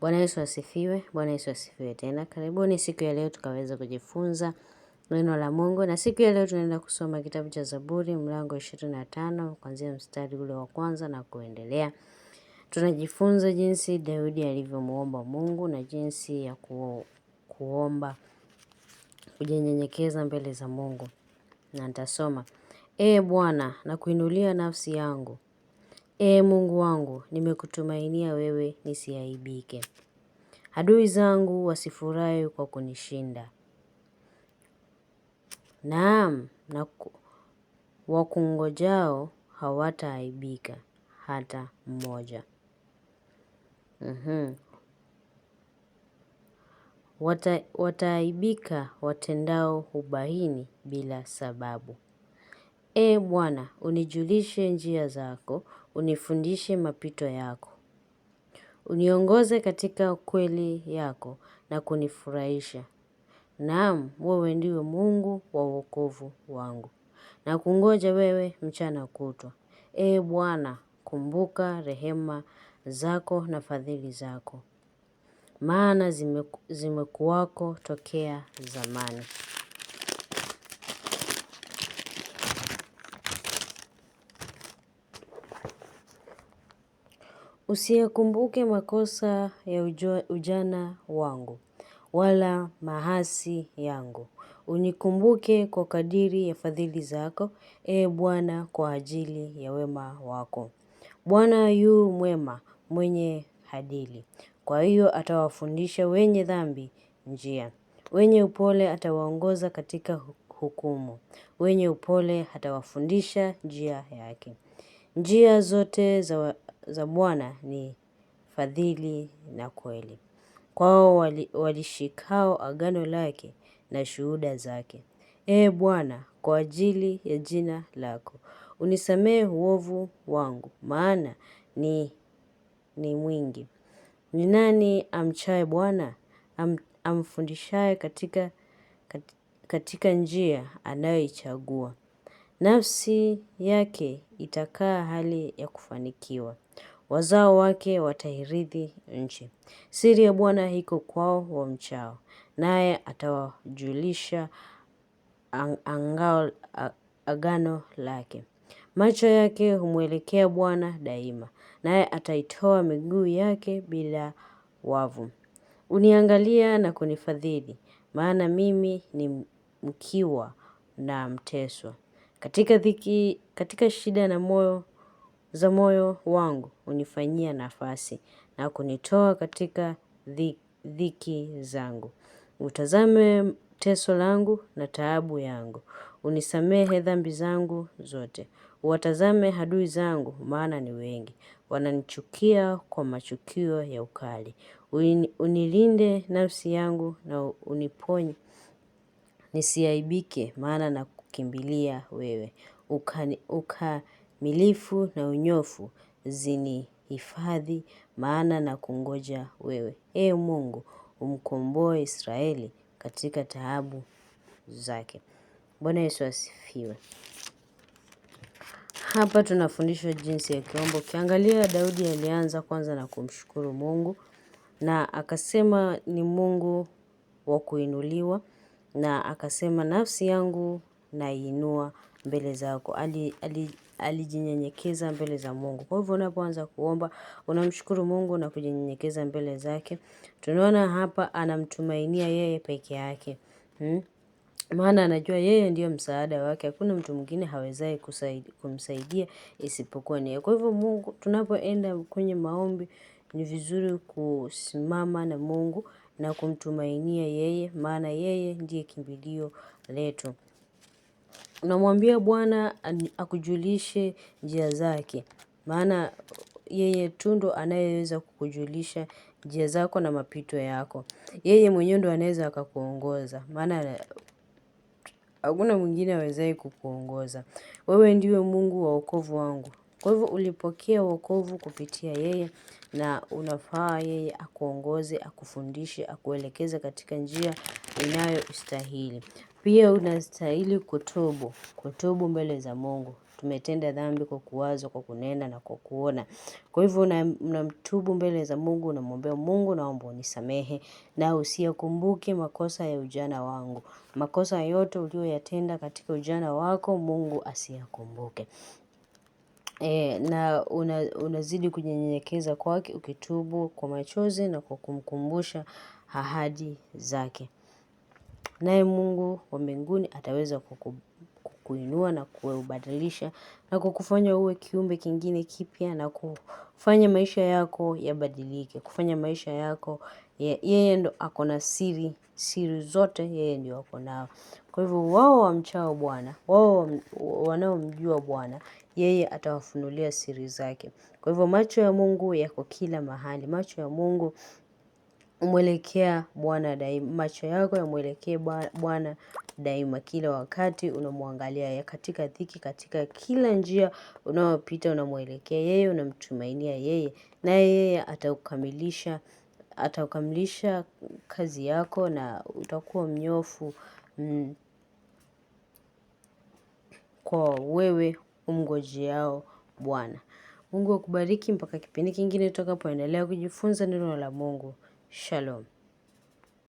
Bwana Yesu asifiwe. Bwana Yesu asifiwe tena. Karibuni siku ya leo tukaweza kujifunza neno la Mungu, na siku ya leo tunaenda kusoma kitabu cha Zaburi mlango ishirini na tano kuanzia mstari ule wa kwanza na kuendelea. Tunajifunza jinsi Daudi alivyomuomba Mungu na jinsi ya ku, kuomba kujinyenyekeza mbele za Mungu, na nitasoma: Ee Bwana, nakuinulia nafsi yangu, Ee Mungu wangu, nimekutumainia wewe nisiaibike. Adui zangu wasifurahi kwa kunishinda. Naam, na wakungojao hawataaibika hata mmoja. Mhm. Wataaibika watendao ubaini bila sababu e Bwana, unijulishe njia zako, unifundishe mapito yako. Uniongoze katika kweli yako na kunifurahisha. Naam, wewe ndiwe Mungu wa wokovu wangu. Na kungoja wewe mchana kutwa. e Bwana, kumbuka rehema zako na fadhili zako. Maana zimekuwako tokea zamani. Usiyakumbuke makosa ya ujana wangu, wala maasi yangu. Unikumbuke kwa kadiri ya fadhili zako, e Bwana kwa ajili ya wema wako. Bwana yu mwema mwenye hadili. Kwa hiyo atawafundisha wenye dhambi njia. Wenye upole atawaongoza katika hukumu. Wenye upole atawafundisha njia yake. Njia zote za za Bwana ni fadhili na kweli, kwao walishikao agano lake na shuhuda zake. Ee Bwana, kwa ajili ya jina lako unisamehe uovu wangu, maana ni, ni mwingi. Ni nani amchaye Bwana? Am, amfundishaye katika, katika njia anayoichagua. Nafsi yake itakaa hali ya kufanikiwa, wazao wake watairithi nchi. Siri ya Bwana iko kwao wa mchao naye atawajulisha angao, agano lake. Macho yake humwelekea Bwana daima, naye ataitoa miguu yake bila wavu. Uniangalia na kunifadhili, maana mimi ni mkiwa na mteswa. Katika dhiki, katika shida na moyo za moyo wangu unifanyia nafasi na kunitoa katika dhiki zangu. Utazame teso langu na taabu yangu. Unisamehe dhambi zangu zote. Uwatazame adui zangu maana ni wengi. Wananichukia kwa machukio ya ukali. Unilinde nafsi yangu na uniponye. Nisiaibike maana na kukimbilia wewe. Ukamilifu na unyofu zinihifadhi maana na kungoja wewe. Ee Mungu umkomboe Israeli katika taabu zake. Bwana Yesu asifiwe. Hapa tunafundishwa jinsi ya kiombo. Ukiangalia Daudi alianza kwanza na kumshukuru Mungu na akasema ni Mungu wa kuinuliwa na akasema nafsi yangu naiinua mbele zako. Alijinyenyekeza mbele za Mungu. Kwa hivyo unapoanza kuomba, unamshukuru Mungu na kujinyenyekeza mbele zake. Tunaona hapa anamtumainia yeye peke yake. Hmm? Maana anajua yeye ndiyo msaada wake. Hakuna mtu mwingine hawezaye kumsaidia isipokuwa ni yeye. Kwa hivyo Mungu, tunapoenda kwenye maombi ni vizuri kusimama na Mungu na kumtumainia yeye, maana yeye ndiye kimbilio letu. Unamwambia Bwana akujulishe njia zake, maana yeye tu ndo anayeweza kukujulisha njia zako na mapito yako. Yeye mwenyewe ndo anaweza akakuongoza, maana hakuna mwingine awezaye kukuongoza. Wewe ndiwe Mungu wa wokovu wangu. Kwa hivyo ulipokea wokovu kupitia yeye na unafaa yeye akuongoze, akufundishe, akuelekeze katika njia inayostahili. Pia unastahili kutubu, kutubu mbele za mungu. Tumetenda dhambi kwa kuwaza, kwa kunena na kwa kuona. Kwa hivyo unamtubu mbele za mungu, unamwombea mungu naomba unisamehe na usiyakumbuke makosa ya ujana wangu. Makosa yote uliyoyatenda katika ujana wako mungu asiyakumbuke. E, na unazidi kujinyenyekeza kwake ukitubu kwa machozi na kwa kumkumbusha ahadi zake. Naye mungu wa mbinguni ataweza kukuinua na kuubadilisha na kukufanya uwe kiumbe kingine kipya na kufanya maisha yako yabadilike. Kufanya maisha yako yeye ndo ako na siri, siri zote yeye ndio ako nao. Kwa hivyo wao wamchao bwana, wao wanaomjua bwana, yeye atawafunulia siri zake. Kwa hivyo macho ya mungu yako kila mahali, macho ya mungu Mwelekea Bwana daima, macho yako yamwelekee Bwana daima, kila wakati unamwangalia ya katika dhiki, katika kila njia unayopita unamwelekea yeye, unamtumainia yeye, naye yeye ataukamilisha ataukamilisha kazi yako na utakuwa mnyofu mm, kwa wewe umngojeao Bwana. Mungu akubariki mpaka kipindi kingine tutakapoendelea kujifunza neno la Mungu. Shalom.